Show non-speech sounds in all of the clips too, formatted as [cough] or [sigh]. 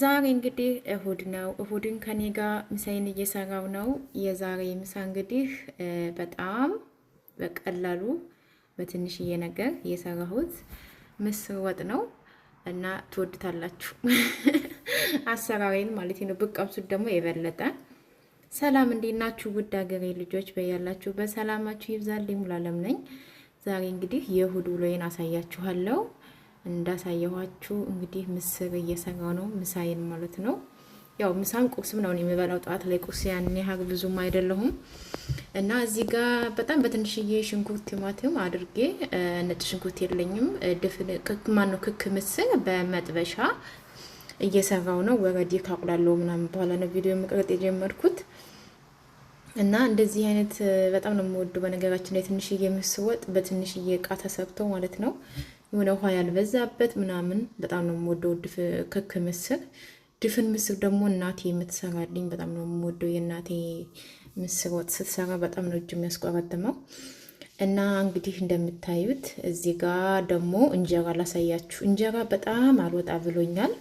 ዛሬ እንግዲህ እሁድ ነው። እሁድን ከኔ ጋር ምሳይን እየሰራው ነው። የዛሬ ምሳ እንግዲህ በጣም በቀላሉ በትንሽዬ ነገር እየሰራሁት ምስር ወጥ ነው እና ትወድታላችሁ [laughs] አሰራሬን ማለት ነው። ብቀምሱት ደግሞ የበለጠ ሰላም። እንዴት ናችሁ ውድ ሀገሬ ልጆች? በያላችሁ በሰላማችሁ ይብዛልኝ። ሙሉዓለም ነኝ። ዛሬ እንግዲህ የእሁድ ውሎዬን አሳያችኋለሁ። እንዳሳየኋችሁ እንግዲህ ምስር እየሰራው ነው ምሳይን ማለት ነው። ያው ምሳም ቁርስም ነው የሚበላው። ጠዋት ላይ ቁርስ ያን ያህል ብዙም አይደለሁም እና እዚህ ጋር በጣም በትንሽዬ ሽንኩርት፣ ቲማቲም አድርጌ ነጭ ሽንኩርት የለኝም። ድፍን ክክ ማነው ክክ ምስር በመጥበሻ እየሰራው ነው። ወረዲ ካቁላለሁ ምናምን በኋላ ነው ቪዲዮ መቅረጥ የጀመርኩት እና እንደዚህ አይነት በጣም ነው የምወዱ። በነገራችን ላይ ትንሽዬ ምስር ወጥ በትንሽዬ እቃ ተሰርቶ ማለት ነው የሆነ ውሃ ያልበዛበት ምናምን በጣም ነው የምወደው ክክ ምስር። ድፍን ምስር ደግሞ እናቴ የምትሰራልኝ በጣም ነው የምወደው። የእናቴ ምስር ወጥ ስትሰራ በጣም ነው እጅ የሚያስቆረጥመው። እና እንግዲህ እንደምታዩት እዚህ ጋር ደግሞ እንጀራ ላሳያችሁ። እንጀራ በጣም አልወጣ ብሎኛል።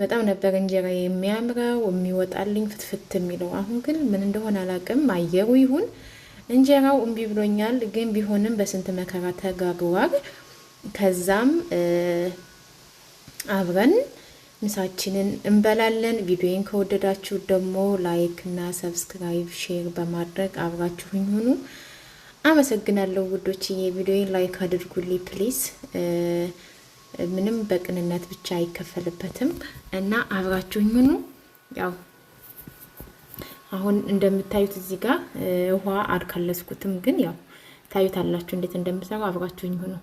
በጣም ነበር እንጀራ የሚያምረው የሚወጣልኝ ፍትፍት የሚለው። አሁን ግን ምን እንደሆነ አላውቅም፣ አየሩ ይሁን እንጀራው እምቢ ብሎኛል። ግን ቢሆንም በስንት መከራ ተጋግሯል። ከዛም አብረን ምሳችንን እንበላለን። ቪዲዮን ከወደዳችሁ ደግሞ ላይክ እና ሰብስክራይብ፣ ሼር በማድረግ አብራችሁኝ ሁኑ። አመሰግናለሁ ውዶች። ቪዲዮን ላይክ አድርጉልኝ ፕሊዝ። ምንም በቅንነት ብቻ አይከፈልበትም እና አብራችሁኝ ሁኑ። ያው አሁን እንደምታዩት እዚህ ጋር ውሃ አልከለስኩትም፣ ግን ያው ታዩታላችሁ እንዴት እንደምሰራው አብራችሁኝ ሁኑ።